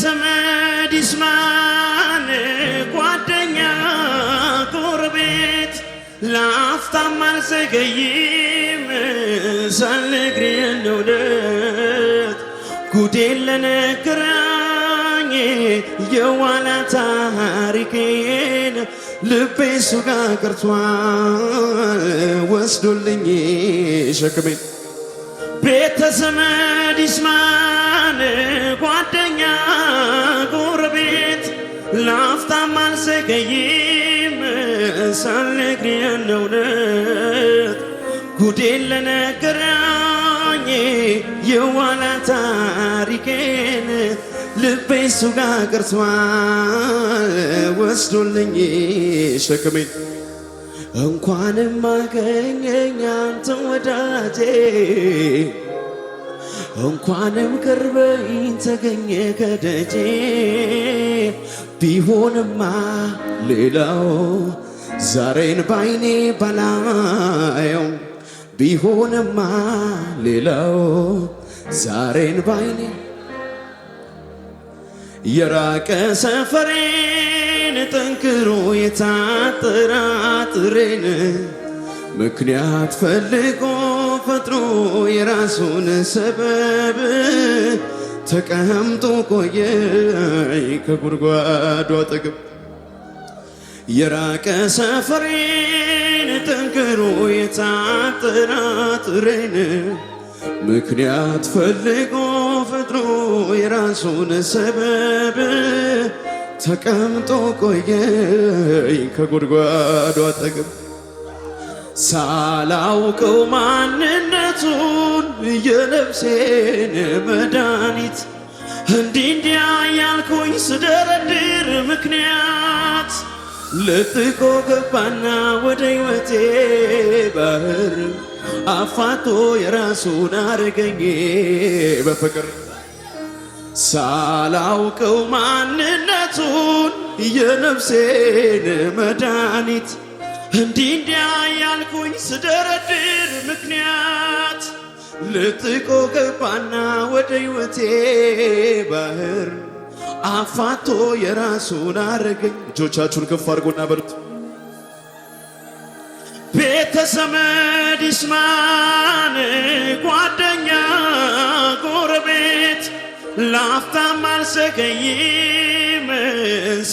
ዘመድ ይስማን ጓደኛ ጎረቤት ለአፍታም አልዘገይም ሳልነግር የለውለት ጉዴን የዋላ ታሪኬን ልቤ ሱጋ ወስዶልኝ ሸክሜን ቤተ ዘመድ አልዘገይም ሳልነግር ያለው እውነት ጉዴን ለነገራኝ የኋላ ታሪኬን ልቤ እሱ ጋር ቀርቷል ወስዶልኝ ሸክሜን እንኳንም አገኘኝ አንተን ወዳጄ እንኳንም ቅርበኝ ተገኘ ከደጄ ቢሆንማ ሌላው ዛሬን ባይኔ ባላየው ቢሆንማ ሌላው ዛሬን ባይኔ የራቀ ሰፈሬን ጠንክሮ የታጠራ ጥሬን ምክንያት ፈልጎ ፈጥሮ የራሱን ሰበብ ተቀምጦ ቆየ ከጉድጓዱ አጠገብ የራቀ ሰፈሬን ጠንክሮ የታጠራጥሬን ምክንያት ፈልጎ ፈጥሮ የራሱን ሰበብ ተቀምጦ ቆየ ከጉድጓዱ አጠገብ ሳላውቀው ማንነቱን የነፍሴን መድኃኒት እንዲህ እንዲያ ያልኩኝ ስደረድር ምክንያት ልጥቆ ገባና ወደ ሕይወቴ ባህር አፋቶ የራሱን አረገኝ በፍቅር ሳላውቀው ማንነቱን የነፍሴን መድኃኒት እንዲህ እንዲያ ያልኩኝ ስደረድር ምክንያት ልጥቆ ገባና ወደ ሕይወቴ ባህር አፋቶ የራሱን አረገኝ። እጆቻችሁን ከፍ አድርጎና በሉት። ቤተዘመድ ይስማን፣ ጓደኛ ጎረቤት፣ ላፍታም አልዘገይም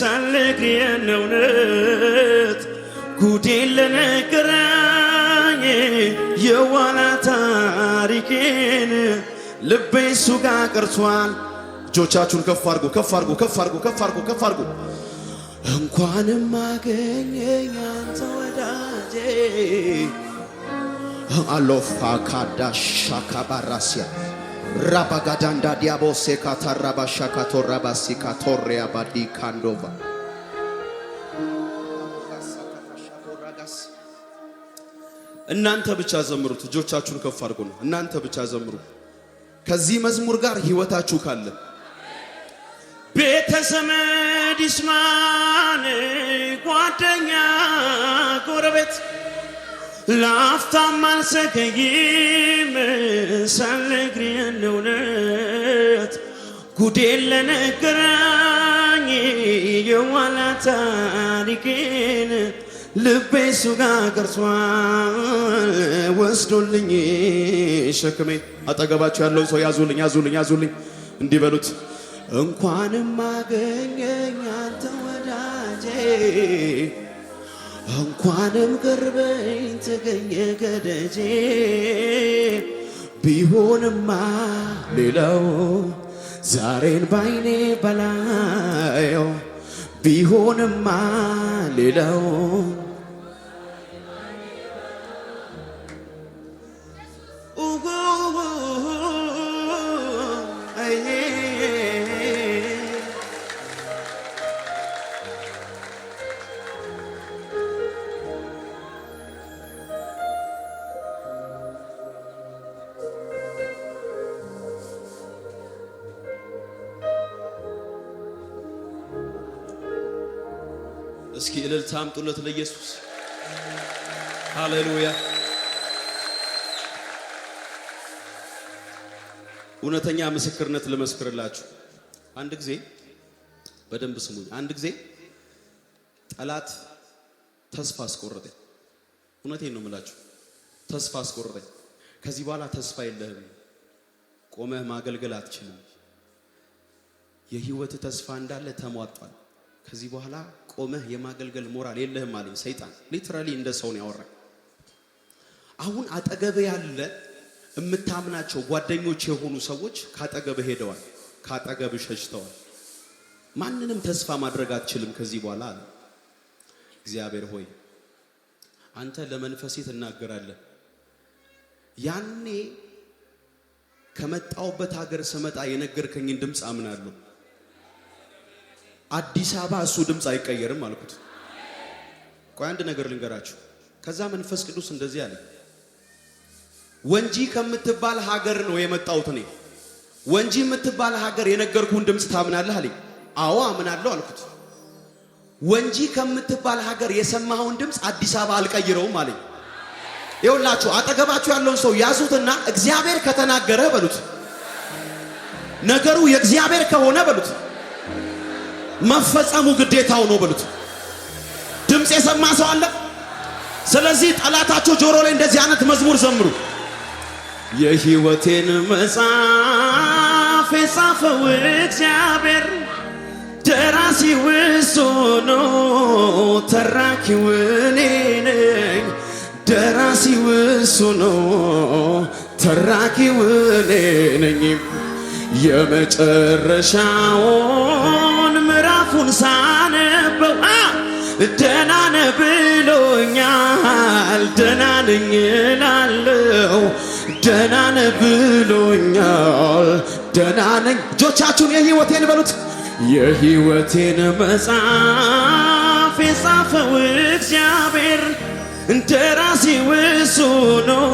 ሳልግ የነውነ ጉዴ ልነግራኝ የዋላ ታሪኬን ልቤ እሱ ጋ ቀርቷል። እጆቻችሁን ከፍ አድርጉ ከፍ አርጉ፣ ከፍ አርጉ፣ ከፍ አርጉ፣ ከፍ አርጉ። እንኳንም አገኘኝ አንተ ወዳጄ አሎፋ ካዳሻ ካባራሲያ ራባጋዳንዳ ዲያቦሴ ካታራባሻ ባዲ ካንዶቫ እናንተ ብቻ ዘምሩት። እጆቻችሁን ከፍ አድርጉ ነው። እናንተ ብቻ ዘምሩ። ከዚህ መዝሙር ጋር ህይወታችሁ ካለ ቤተ ዘመድ ይስማን፣ ጓደኛ ጎረቤት፣ ላፍታም አልዘገይም ሳልነግርህን እውነት ጉዴን ለነገራኝ የኋላ ታሪኬን ልቤ ሱጋ ቀርሷል ወስዶልኝ ሸክሜ። አጠገባቸው ያለውን ሰው ያዙልኝ፣ ያዙልኝ፣ ያዙልኝ እንዲህ በሉት። እንኳንም አገኘኝ አንተ ወዳጄ፣ እንኳንም ቅርበኝ ተገኘ ገደጄ። ቢሆንማ ሌላው ዛሬን ባይኔ በላየው ቢሆንማ ሌላው ስጡለት ለኢየሱስ። ሃሌሉያ። እውነተኛ ምስክርነት ልመስክርላችሁ። አንድ ጊዜ በደንብ ስሙኝ። አንድ ጊዜ ጠላት ተስፋ አስቆረጠኝ። እውነቴን ነው የምላችሁ፣ ተስፋ አስቆረጠኝ። ከዚህ በኋላ ተስፋ የለህም፣ ቆመህ ማገልገል አትችልም፣ የህይወት ተስፋ እንዳለ ተሟጧል፣ ከዚህ በኋላ ቆመህ የማገልገል ሞራል የለህም አለኝ ሰይጣን። ሊትራሊ እንደ ሰው ነው ያወራኝ። አሁን አጠገብህ ያለ የምታምናቸው ጓደኞች የሆኑ ሰዎች ካጠገብህ ሄደዋል፣ ካጠገብህ ሸሽተዋል። ማንንም ተስፋ ማድረግ አትችልም ከዚህ በኋላ አለ። እግዚአብሔር ሆይ አንተ ለመንፈሴ ትናገራለህ። ያኔ ከመጣውበት ሀገር ስመጣ የነገርከኝን ድምፅ አምናለሁ። አዲስ አበባ እሱ ድምፅ አይቀየርም አልኩት። ቆይ አንድ ነገር ልንገራችሁ። ከዛ መንፈስ ቅዱስ እንደዚህ አለ፣ ወንጂ ከምትባል ሀገር ነው የመጣሁት እኔ። ወንጂ የምትባል ሀገር የነገርኩህን ድምፅ ታምናለህ አለኝ። አዎ አምናለሁ አልኩት። ወንጂ ከምትባል ሀገር የሰማኸውን ድምፅ አዲስ አበባ አልቀይረውም አለኝ። ይኸውላችሁ አጠገባችሁ ያለውን ሰው ያዙትና እግዚአብሔር ከተናገረ በሉት፣ ነገሩ የእግዚአብሔር ከሆነ በሉት መፈጸሙ ግዴታው ነው በሉት። ድምፅ የሰማ ሰው አለ? ስለዚህ ጠላታቸው ጆሮ ላይ እንደዚህ አይነት መዝሙር ዘምሩ። የሕይወቴን መጽሐፍ የጻፈው እግዚአብሔር ደራሲ እሱ ነው፣ ተራኪው እኔ ነኝ። ደራሲው ነው፣ ተራኪው እኔ ነኝ። የመጨረሻው መጽሐፉን ሳነበው ደህና ነህ ብሎኛል። ደህና ነኝ እላለሁ። ደህና ነህ ብሎኛል። ደህና ነኝ። እጆቻችሁን የህይወቴን በሉት። የህይወቴን መጽሐፍ የጻፈው እግዚአብሔር እንደራሴ ውሱ ነው።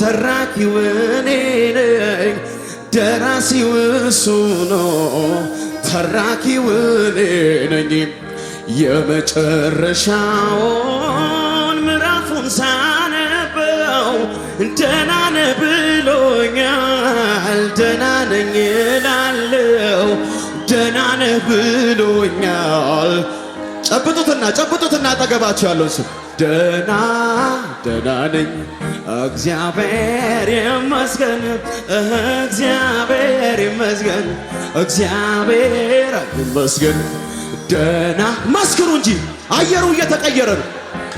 ተራኪው እኔ ነኝ። ደራሲው እሱ ተራኪው እኔ ነኝ። የመጨረሻውን ምዕራፉን ሳነበው ደህና ነህ ብሎኛል። ደህና ነኝ እላለሁ። ደህና ነህ ብሎኛል። ጨብጡትና ጨብጡትና አጠገባቸው ያለውን ደህና ደህና ነኝ እግዚአብሔር ይመስገን እግዚአብሔር ይመስገን እግዚአብሔር ይመስገን። ደህና መስክሩ እንጂ አየሩ እየተቀየረ ነው።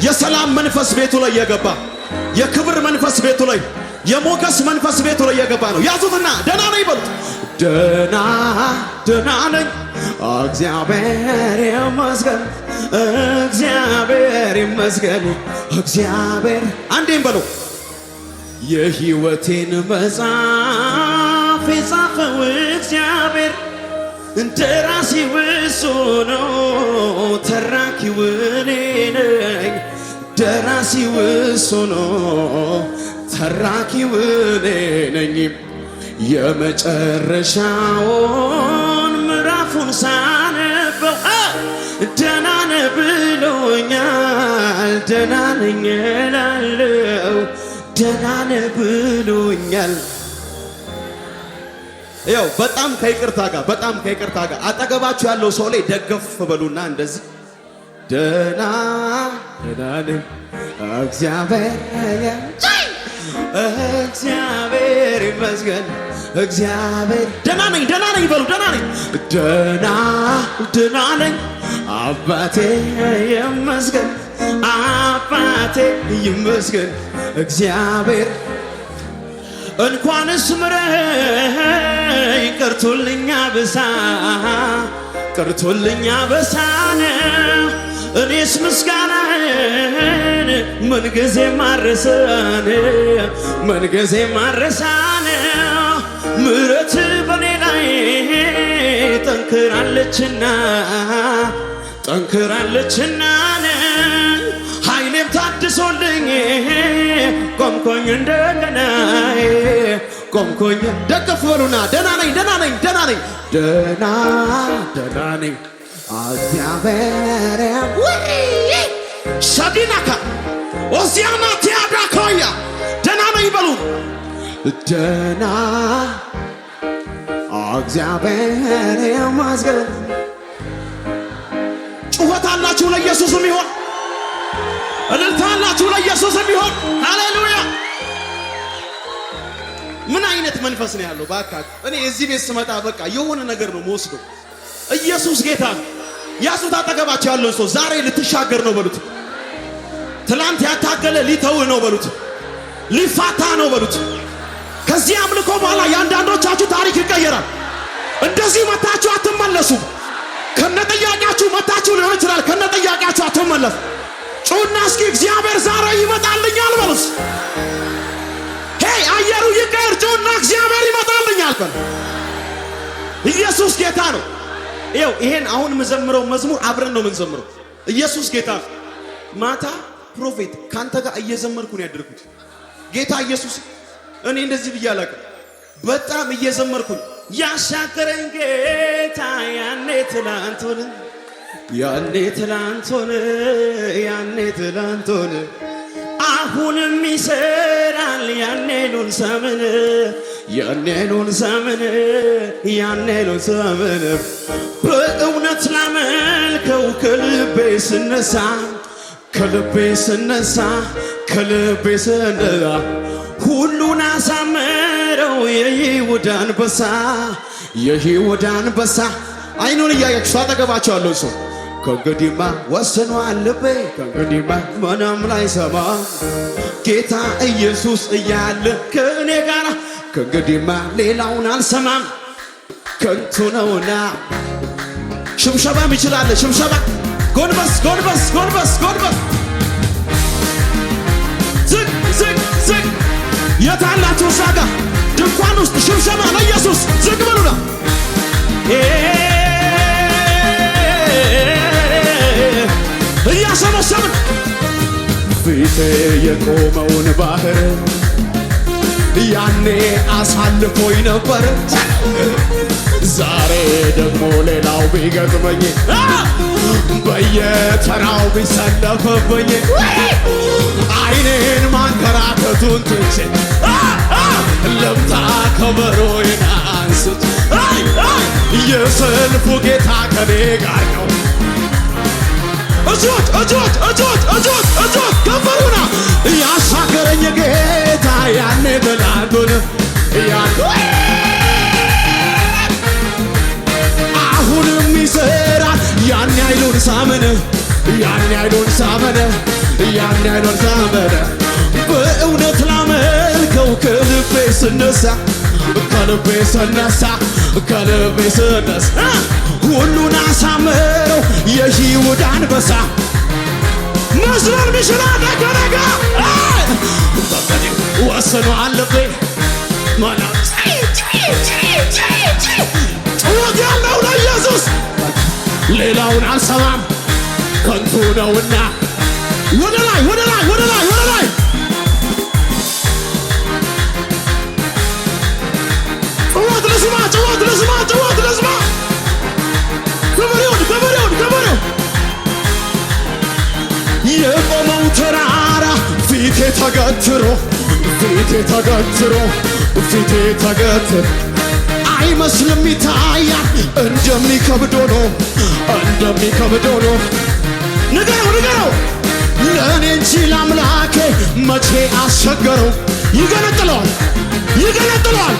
የሰላም መንፈስ ቤቱ ላይ የገባ የክብር መንፈስ ቤቱ ላይ የሞገስ መንፈስ ቤቱ ላይ የገባ ነው። ያዙትና ደህና ነኝ ይበሉት። ደህና ደህና ነኝ እግዚአብሔር ይመስገን እግዚአብሔር ይመስገን እግዚአብሔር አንዴም በሎ የሕይወቴን መጽሐፍ የጻፈው እግዚአብሔር ነው። ተራኪው እኔ ነኝ። ነው። ተራኪው እኔ ነኝ። የመጨረሻውን ምዕራፉን ሳ ብሎኛል ደህና ነኝ እላለው ደህና ነህ ብሎኛል። ያው በጣም ከይቅርታ ጋር በጣም ከይቅርታ ጋር አጠገባችሁ ያለው ሰው ላይ ደገፍ በሉና እንደዚህ ደህና ደህና ነኝ እግዚአብሔር እግዚአብሔር ይመስገን እግዚአብሔር ደህና ነኝ ደህና ነኝ በሉ ደህና ነኝ ደህና ደህና ነኝ አባቴ ይመስገን አባቴ ይመስገን እግዚአብሔር እንኳንስ ምረኝ ቀርቶልኛ በሳ ቀርቶልኛ በሳነ እኔስ ምስጋናህን ምንጊዜ ማረሳነ ምንጊዜ ማረሳነ ምረት በኔ ላይ ጠንክራለችና ጠንክራለችና ኃይሌም ታድሶልኝ ቆምኮኝ እንደገና ቆምኮኝ ደገፍ በሉና ደና ነኝ ደና ነኝ ደና ነኝ ደና ደና ነኝ እግዚአብሔር ሸዲናካ ኦዚያና ቲያዳ ኮያ ደና ነኝ በሉ ደና እግዚአብሔር ማዝገብ ጩኸት አላችሁ ለኢየሱስም ይሆን እልልታ አላችሁ ለኢየሱስም ይሆን ሃሌሉያ። ምን አይነት መንፈስ ነው ያለው? እባካችሁ እኔ እዚህ ቤት ስመጣ በቃ የሆነ ነገር ነው መወስደው። ኢየሱስ ጌታ ነው። ያሱት አጠገባቸው ያለውን ሰው ዛሬ ልትሻገር ነው በሉት። ትላንት ያታገለ ሊተውህ ነው በሉት። ሊፋታ ነው በሉት። ከዚህ አምልኮ በኋላ የአንዳንዶቻችሁ ታሪክ ይቀየራል። እንደዚህ መታችሁ አትመለሱም። ከነጥያቄያችሁ መታችሁ ሊሆን ይችላል። ከነጠያቄያችሁ አትመለሱ። ጩና እስኪ እግዚአብሔር ዛሬ ይመጣልኛል በሉስ። ሄይ አየሩ ይቀር፣ ጩና እግዚአብሔር ይመጣልኛል በል። ኢየሱስ ጌታ ነው። ይኸው ይሄን አሁን የምዘምረው መዝሙር አብረን ነው የምንዘምረው። ኢየሱስ ጌታ ነው። ማታ ፕሮፌት ካንተ ጋር እየዘመርኩ ነው ያደርኩት። ጌታ ኢየሱስ እኔ እንደዚህ ብዬ አላውቅም። በጣም እየዘመርኩኝ ያሻገረኝ ጌታ ያኔ ትላንቱን ያኔ ትላንቱን ያኔ ትላንቱን አሁንም ይሰራል ያኔኑን ዘመን ያኔኑን ዘመን ያኔኑን ዘመን በእውነት ላመልከው ከልቤ ስነሳ ከልቤ ስነሳ ከልቤ ስነሳ ሁሉን አሳ የይሁዳ አንበሳ የይሁዳ አንበሳ አይኑን እያያችሁ አጠገባቸው ያለው ሰው ከእንግዲህማ ወስኗል ልቤ ከእንግዲህማ ምንም ላይሰማ ጌታ ኢየሱስ እያለ ከእኔ ጋር ከእንግዲህማ ሌላውን አልሰማም ከንቱ ነውና ሽምሸባም ይችላለ ሽምሸባ ጎንበስ ጎንበስ ጎንበስ ጎንበስ ዝቅ ዝቅ ዝቅ የታላችሁ እዛ ድንኳን ውስጥ ሽብሸባ ለኢየሱስ ዝግ በሉና እያሰበሰብን ፊቴ የቆመውን ባህር ያኔ አሳልፎኝ ነበር። ዛሬ ደግሞ ሌላው ቢገጥመኝ በየተራው ቢሰለፍብኝ አይኔን ማንከራተቱን ትቼ ለምታ ከበሮዬን አንስት የሰልፉ ጌታ ከኔ ጋር ነው። እጆች እጆች እጆች እጆች እጆች ከበሩና ያሻገረኝ ጌታ ያኔ ገላቱን ያሉ አሁንም ይሰራል ያኔ አይሉን ሳመነ ያኔ አይሉን ሳመነ ያኔ አይሉን ሳመነ በእውነት ላመልከው ከልቤ ስነሳ ከልቤ ስነሳ ከልቤ ስነሳ ሁሉን አሳምረው የይሁዳ አንበሳ መስበር ሚችላ ነገነጋ ወሰኖ አለቤ ማላ ያለው ለኢየሱስ ሌላውን አልሰማም ከንቱ ነውና ወደ ላይ ወደ ላይ ወደ ላይ የቆመው ተራራ ፊቴ ተገትሮ ፊቴ ተገትሮ ፊቴ ተገትሮ አይመስልም ይታያል እንደሚከብዶ ነው እንደሚከብዶ ነው። ንገረው ንገረው ለእኔ እንጂ ለአምላኬ መቼ አስቸገረው። ይገነጥለዋል ይገነጥለዋል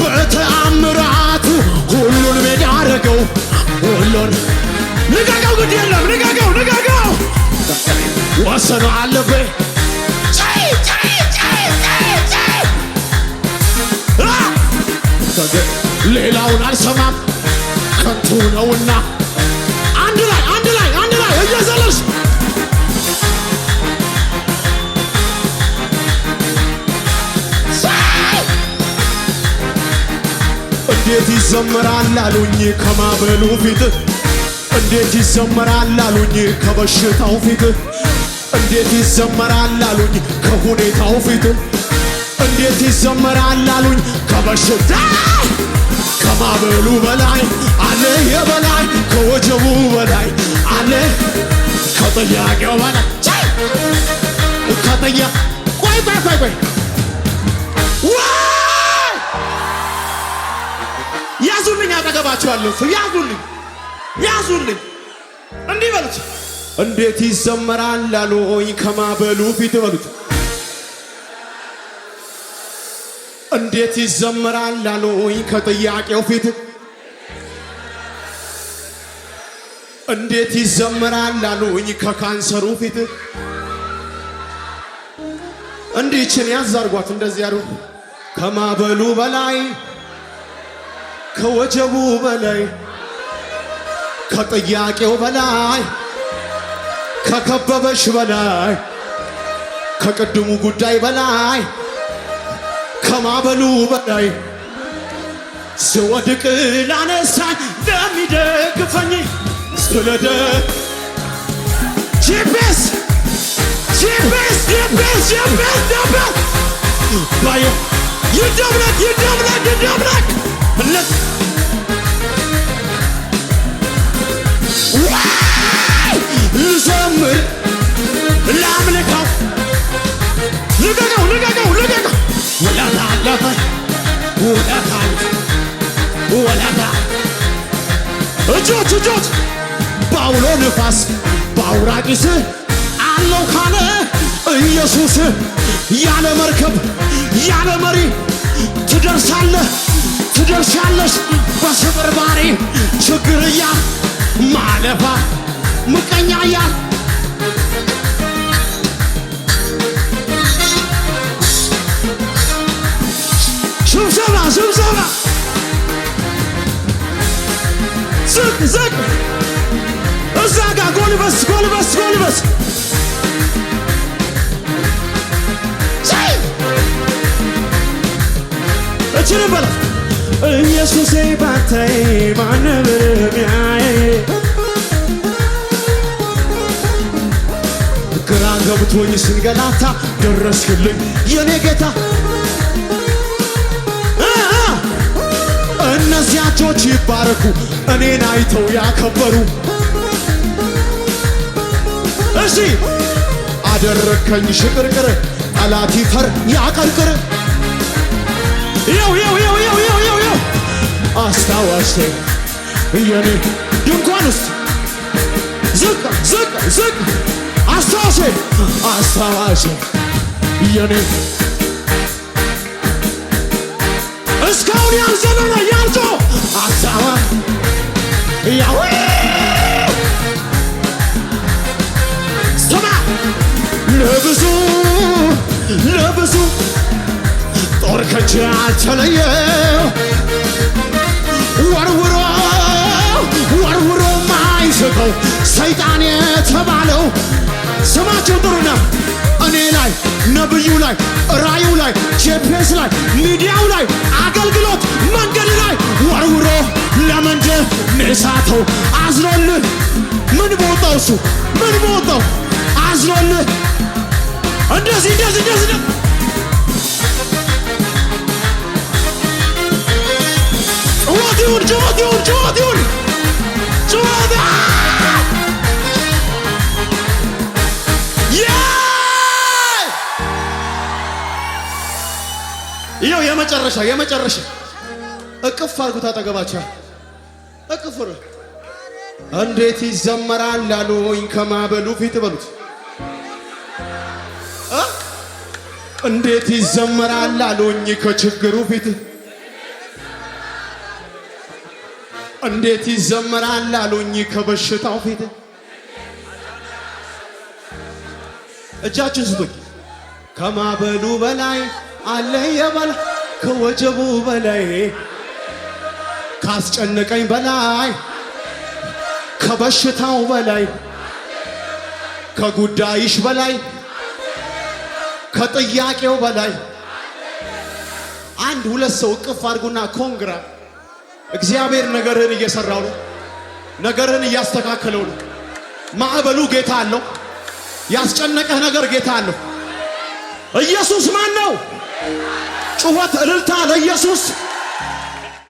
በተአምራቱ ሁሉን ሜዳ አረገው ሁሉን ልቀቀው፣ ግድ የለም ልቀቀው፣ ልቀቀው። ወሰኑ አለብህ ሌላውን አልሰማም ከንቱ ነውና፣ አንድ ላይ አንድ ላይ አንድ ላይ እየዘለልሽ እንዴት ይዘምራል አሉኝ ከማበሉ ፊት እንዴት ይዘመራል አሉኝ ከበሽታው ፊት እንዴት ይዘመራል አሉኝ ከሁኔታው ፊት እንዴት ይዘመራል አሉኝ ከበሽታ ከማበሉ በላይ አለ የበላይ ከወጀቡ በላይ አለ ከጥያቄው በላይ ከጥያ ቆይ ቆይ ቆይ ቆይ ያዙልኝ አጠገባቸዋለሁ ያዙልኝ ያዙልኝ እንዲህ በሉት። እንዴት ይዘመራል ላሉኝ ከማበሉ ፊት በሉት። እንዴት ይዘመራል ላሉኝ ከጥያቄው ፊት እንዴት ይዘመራል ላሉኝ ከካንሰሩ ፊት እንዲህ ይችን ያዝ እንደዚህ ያሩ ከማበሉ በላይ ከወጀቡ በላይ ከጥያቄው በላይ ከከበበሽ በላይ ከቅድሙ ጉዳይ በላይ ከማበሉ በላይ ስወድቅ ላነሳኝ ለሚደግፈኝ ስለደ ጂፒኤስ ጂፒኤስ ልዘምር ላምልከው ልቀቀው ልቀቀው ልቀቀው ውለታ አለፈ ውለታ ውለታ እጆች እጆች በአውሎ ንፋስ በአውራቂስ አለው ካለ ኢየሱስ ያለ መርከብ ያለ መሪ ትደርሳለህ ትደርሻለሽ በስብርባሪ ችግርያ ማለፋ ምቀኛ ያል ሽብሰባ ሽብሰባ ዝቅ ዝቅ እዛ ጋ ጎልበስ ጎልበስ ጎልበስ እችልበለ ኢየሱሴ ባታይ ማነብርሚያየ ሰንብቶኝ ስንገላታ ደረስክልኝ የኔ ጌታ። እነዚያቾች ይባረኩ እኔን አይተው ያከበሩ እሺ አደረከኝ ሽቅርቅር አላቲፈር ይፈር ያቀርቅር ው አስታዋሽተኝ የኔ ድንኳን ውስጥ ዝቅ ዝቅ ዝቅ አስታዋሽ አስታዋሽ የኔ እስካሁን ያልዘነነ ያልጆ አስታዋ ያዌ ስማ ለብዙ ለብዙ ጦር ከቼ አልተለየው ወርውሮ ወርውሮ ማይዘገው ሰይጣን የተባለው ስማችሁ ጥሩ ነው። እኔ ላይ ነብዩ ላይ ራዩ ላይ ጄፒኤስ ላይ ሚዲያው ላይ አገልግሎት መንገድ ላይ ወርውሮ ለመንደር ንሳተው አዝኖልህ ምን በወጣው እሱ ምን በወጣው አዝኖልህ እንደዚህ እንደዚህ እንደዚህ ጩኸት ይሁን ጩኸት ይሁን ጩኸት ይሁን ይሄው የመጨረሻ የመጨረሻ እቅፍ አርጉት አጠገባቸው እቅፍ እንዴት ይዘመራል ላሉኝ ከማበሉ ፊት በሉት እንዴት ይዘመራል ላሉኝ ከችግሩ ፊት እንዴት ይዘመራል ላሉኝ ከበሽታው ፊት እጃችን ስቶኝ ከማበሉ በላይ አለ የበላ ከወጀቡ በላይ ካስጨነቀኝ በላይ ከበሽታው በላይ ከጉዳይሽ በላይ ከጥያቄው በላይ አንድ ሁለት ሰው እቅፍ አድርጉና ኮንግራ እግዚአብሔር ነገርህን እየሰራው ነው። ነገርህን እያስተካከለው ነው። ማዕበሉ ጌታ አለው። ያስጨነቀህ ነገር ጌታ አለው። ኢየሱስ ማን ነው? ጩኸት፣ እልልታ ለኢየሱስ